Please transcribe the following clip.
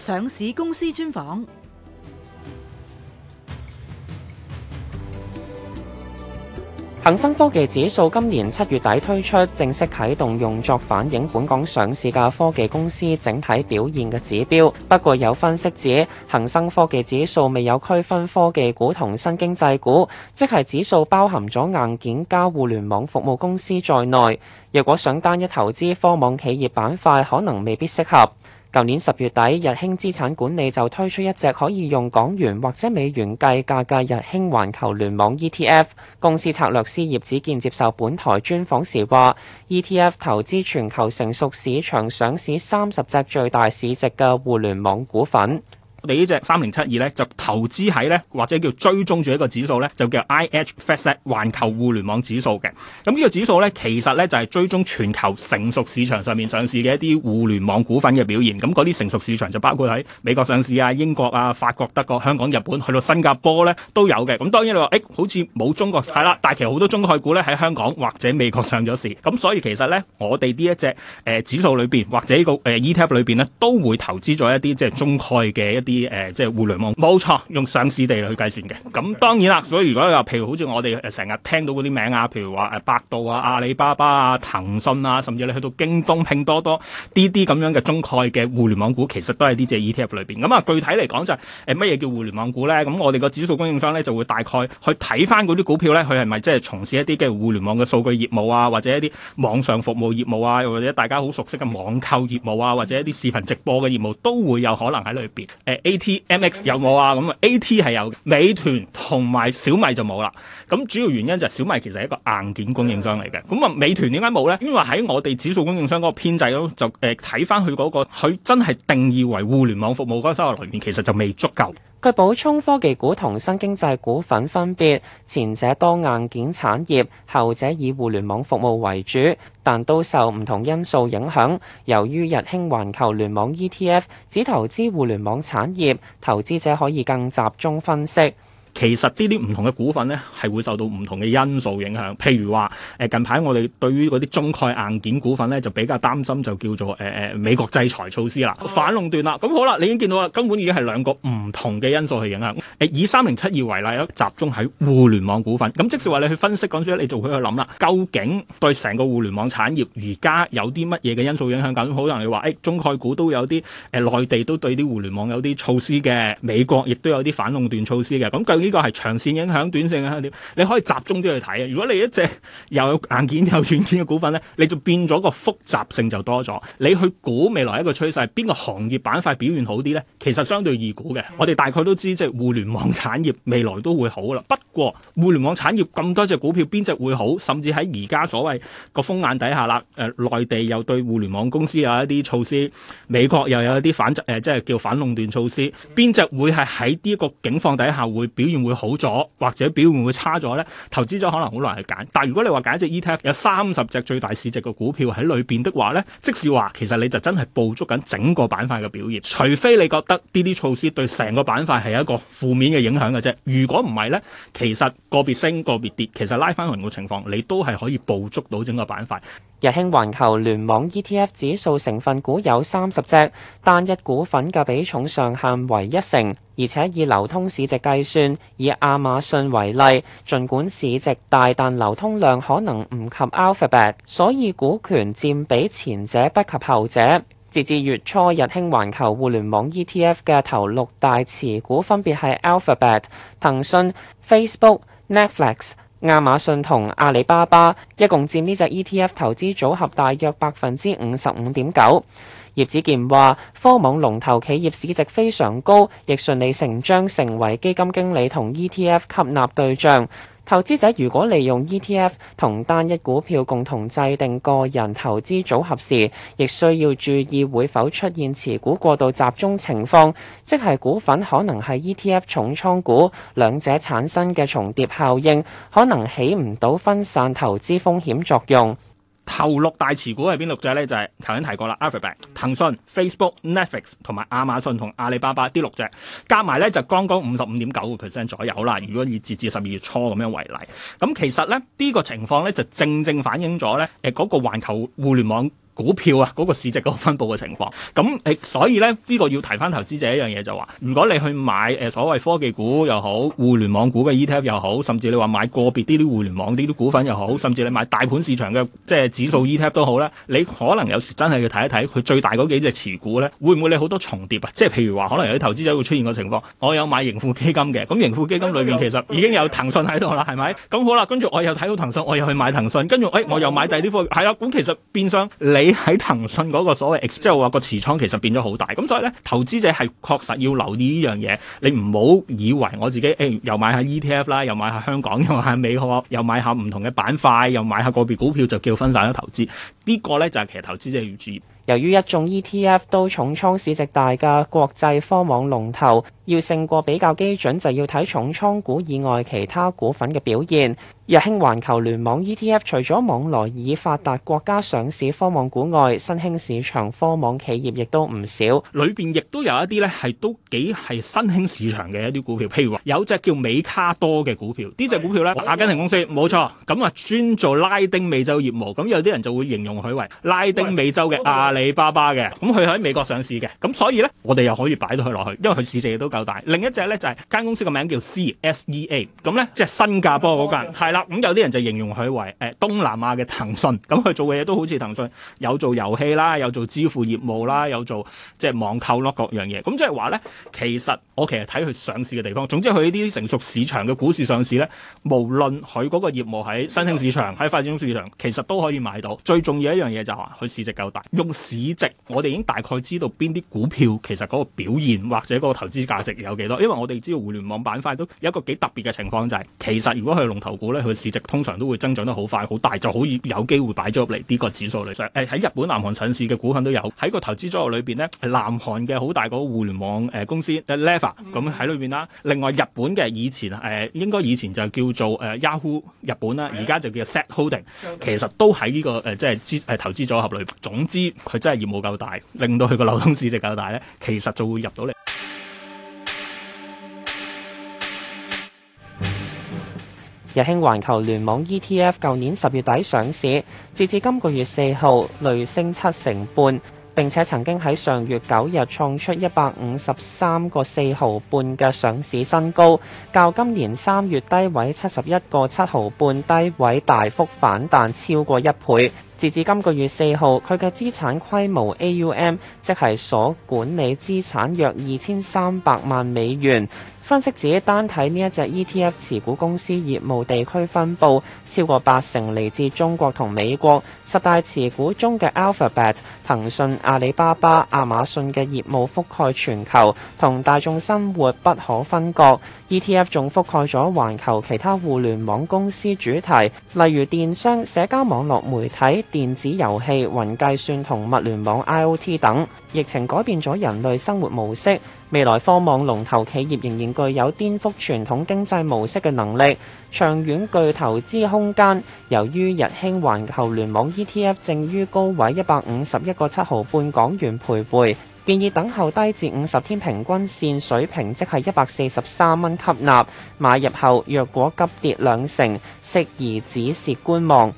上市公司專訪，恒生科技指數今年七月底推出，正式啟動用作反映本港上市嘅科技公司整體表現嘅指標。不過有分析指，恒生科技指數未有區分科技股同新經濟股，即係指數包含咗硬件加互聯網服務公司在內，若果想單一投資科網企業板塊，可能未必適合。舊年十月底，日興資產管理就推出一隻可以用港元或者美元計價嘅日興環球聯網 ETF。公司策略師葉子健接受本台專訪時話，ETF 投資全球成熟市場上市三十隻最大市值嘅互聯網股份。我哋呢隻三零七二咧，就投資喺咧或者叫追蹤住一個指數咧，就叫 iEdge FactSet 環球互聯網指數嘅。咁呢個指數咧，其實咧就係、是、追蹤全球成熟市場上面上市嘅一啲互聯網股份嘅表現。咁嗰啲成熟市場就包括喺美國上市啊、英國啊、法國、德國、香港、日本，去到新加坡咧都有嘅。咁當然你話，誒好似冇中國，係啦，但係其實好多中概股咧喺香港或者美國上咗市。咁所以其實咧，我哋呢一隻指數裏面，或者個誒 ETF 裏面咧，都會投資咗一啲即係中概嘅一啲。啲、呃、即係互聯網，冇錯，用上市地嚟去計算嘅。咁當然啦，所以如果你話譬如好似我哋成日聽到嗰啲名啊，譬如話誒百度啊、阿里巴巴啊、騰訊啊，甚至你去到京東、拼多多呢啲咁樣嘅中概嘅互聯網股，其實都係啲隻 ETF 裏面。咁、嗯、啊，具體嚟講就係誒乜嘢叫互聯網股咧？咁、嗯、我哋個指數供應商咧就會大概去睇翻嗰啲股票咧，佢係咪即係從事一啲嘅互聯網嘅數據業務啊，或者一啲網上服務業務啊，又或者大家好熟悉嘅網購業務啊，或者一啲視頻直播嘅業務，都會有可能喺裏邊。A T M X 有冇啊？咁啊，A T 係有，美團同埋小米就冇啦。咁主要原因就係小米其實係一個硬件供應商嚟嘅。咁啊，美團點解冇咧？因為喺我哋指數供應商嗰個編製咯，就誒睇翻佢嗰個，佢真係定義為互聯網服務嗰個收入來源，其實就未足夠。佢補充，科技股同新經濟股份分別，前者多硬件產業，後者以互聯網服務為主，但都受唔同因素影響。由於日興環球聯網 ETF 只投資互聯網產業，投資者可以更集中分析。其實呢啲唔同嘅股份呢，係會受到唔同嘅因素影響。譬如話，近排我哋對於嗰啲中概硬件股份呢，就比較擔心，就叫做誒、呃、美國制裁措施啦、反壟斷啦。咁好啦，你已經見到啦，根本已經係兩個唔同嘅因素去影響。誒以三零七二為例，集中喺互聯網股份。咁即使話你去分析講出你就會去諗啦，究竟對成個互聯網產業而家有啲乜嘢嘅因素影響？咁好多人會話，中概股都有啲誒內地都對啲互聯網有啲措施嘅，美國亦都有啲反壟斷措施嘅。咁呢個係長線影響，短線影響，你可以集中啲去睇啊。如果你一隻又有硬件又軟件嘅股份咧，你就變咗個複雜性就多咗。你去估未來一個趨勢邊個行業板塊表現好啲咧？其實相對易估嘅，我哋大概都知，即係互聯網產業未來都會好啦。不過互聯網產業咁多隻股票，邊隻會好？甚至喺而家所謂個風眼底下啦，誒，內地又對互聯網公司有一啲措施，美國又有一啲反誒，即係叫反壟斷措施，邊隻會係喺呢個境況底下會表？表現會好咗，或者表現會差咗咧？投資者可能好難去揀，但如果你話揀一隻 ETF，有三十隻最大市值嘅股票喺裏邊的話咧，即使話其實你就真係捕捉緊整個板塊嘅表現，除非你覺得呢啲措施對成個板塊係一個負面嘅影響嘅啫。如果唔係呢，其實個別升個別跌，其實拉翻勻嘅情況，你都係可以捕捉到整個板塊。日興環球聯網 ETF 指數成分股有三十隻，單一股份嘅比重上限為一成，而且以流通市值計算。以亞馬遜為例，儘管市值大，但流通量可能唔及 Alphabet，所以股權佔比前者不及後者。截至月初，日興環球互聯網 ETF 嘅頭六大持股分別係 Alphabet、騰訊、Facebook、Netflix。亞馬遜同阿里巴巴一共佔呢隻 ETF 投資組合大約百分之五十五點九。葉子健話：科網龍頭企業市值非常高，亦順理成章成為基金經理同 ETF 吸納對象。投資者如果利用 ETF 同單一股票共同制定個人投資組合時，亦需要注意會否出現持股過度集中情況，即係股份可能係 ETF 重倉股，兩者產生嘅重疊效應，可能起唔到分散投資風險作用。頭六大持股係邊六隻咧？就係頭先提過啦，Alphabet、騰訊、Facebook、Netflix 同埋亞馬遜同阿里巴巴啲六隻，加埋咧就剛剛五十五點九個 percent 左右啦。如果以截至十二月初咁樣為例，咁、嗯、其實咧呢、這個情況咧就正正反映咗咧誒嗰個環球互聯網。股票啊，嗰、那個市值嗰、那個分佈嘅情況，咁所以咧呢、這個要提翻投資者一樣嘢就話，如果你去買、呃、所謂科技股又好，互聯網股嘅 ETF 又好，甚至你話買個別啲啲互聯網啲啲股份又好，甚至你買大盤市場嘅即係指數 ETF 都好咧，你可能有時真係要睇一睇佢最大嗰幾隻持股咧，會唔會你好多重疊啊？即係譬如話，可能有啲投資者會出現個情況，我有買盈富基金嘅，咁盈富基金裏面其實已經有騰訊喺度啦，係咪？咁好啦，跟住我又睇到騰訊，我又去買騰訊，跟住、哎、我又買第二啲貨，係啦，咁其實變相你。喺騰訊嗰個所謂，即係話個持倉其實變咗好大，咁所以咧，投資者係確實要留意呢樣嘢。你唔好以為我自己誒、哎、又買下 ETF 啦，又買下香港，又買下美國，又買下唔同嘅板塊，又買下個別股票就叫分散咗投資。呢、個咧就係其實投資者要注意。由於一眾 ETF 都重倉市值大嘅國際科網龍頭，要勝過比較基準，就要睇重倉股以外其他股份嘅表現。日興環球聯網 ETF 除咗網羅以發達國家上市科網股外，新興市場科網企業亦都唔少。裏邊亦都有一啲呢係都幾係新興市場嘅一啲股票，譬如話有隻叫美卡多嘅股票，呢隻的股票呢，的阿根廷公司冇錯，咁啊專做拉丁美洲業務，咁有啲人就會形容佢為拉丁美洲嘅阿里巴巴嘅，咁佢喺美國上市嘅，咁所以咧，我哋又可以擺到佢落去，因為佢市值亦都夠大。另一隻咧就係、是、間公司嘅名叫 CSEA，咁咧即係新加坡嗰間，係啦謝。咁、嗯、有啲人就形容佢為誒、呃、東南亞嘅騰訊，咁、嗯、佢做嘅嘢都好似騰訊，有做遊戲啦，有做支付業務啦，有做即係、就是、網購咯，各樣嘢。咁、嗯、即係話咧，其實我其實睇佢上市嘅地方，總之佢呢啲成熟市場嘅股市上市咧，無論佢嗰個業務喺新興市場、喺發展市場，其實都可以買到。最重要一樣嘢就係、是、佢市值夠大，用。市值我哋已經大概知道邊啲股票其實嗰個表現或者嗰個投資價值有幾多，因為我哋知道互聯網板塊都有一個幾特別嘅情況，就係、是、其實如果係龍頭股咧，佢市值通常都會增長得好快、好大，就好易有機會擺咗入嚟呢個指數裏邊。喺日本南韓上市嘅股份都有喺個投資組合裏面呢，南韓嘅好大個互聯網公司，lever 咁喺裏面啦。另外日本嘅以前誒應該以前就叫做 Yahoo 日本啦，而家就叫 Z Holdings，其實都喺呢、這個即、就是、投資組合裏。總之佢真係業務夠大，令到佢個流通市值夠大呢，其實就會入到嚟。日興環球聯網 ETF 舊年十月底上市，截至今個月四號累升七成半，並且曾經喺上月九日創出一百五十三個四毫半嘅上市新高，較今年三月低位七十一個七毫半低位大幅反彈超過一倍。截至今個月四號，佢嘅資產規模 AUM 即係所管理資產約二千三百萬美元。分析指單睇呢一隻 ETF 持股公司業務地區分佈，超過八成嚟自中國同美國。十大持股中嘅 Alphabet、騰訊、阿里巴巴、亞馬遜嘅業務覆蓋全球，同大眾生活不可分割。ETF 仲覆蓋咗環球其他互聯網公司主題，例如電商、社交網絡媒體。電子遊戲、雲計算同物聯網 IOT 等，疫情改變咗人類生活模式。未來科網龍頭企業仍然具有顛覆傳統經濟模式嘅能力，長遠具投資空間。由於日興環球聯網 ETF 正於高位一百五十一個七毫半港元徘徊，建議等候低至五十天平均線水平即是，即係一百四十三蚊吸納買入後，若果急跌兩成，適宜止蝕觀望。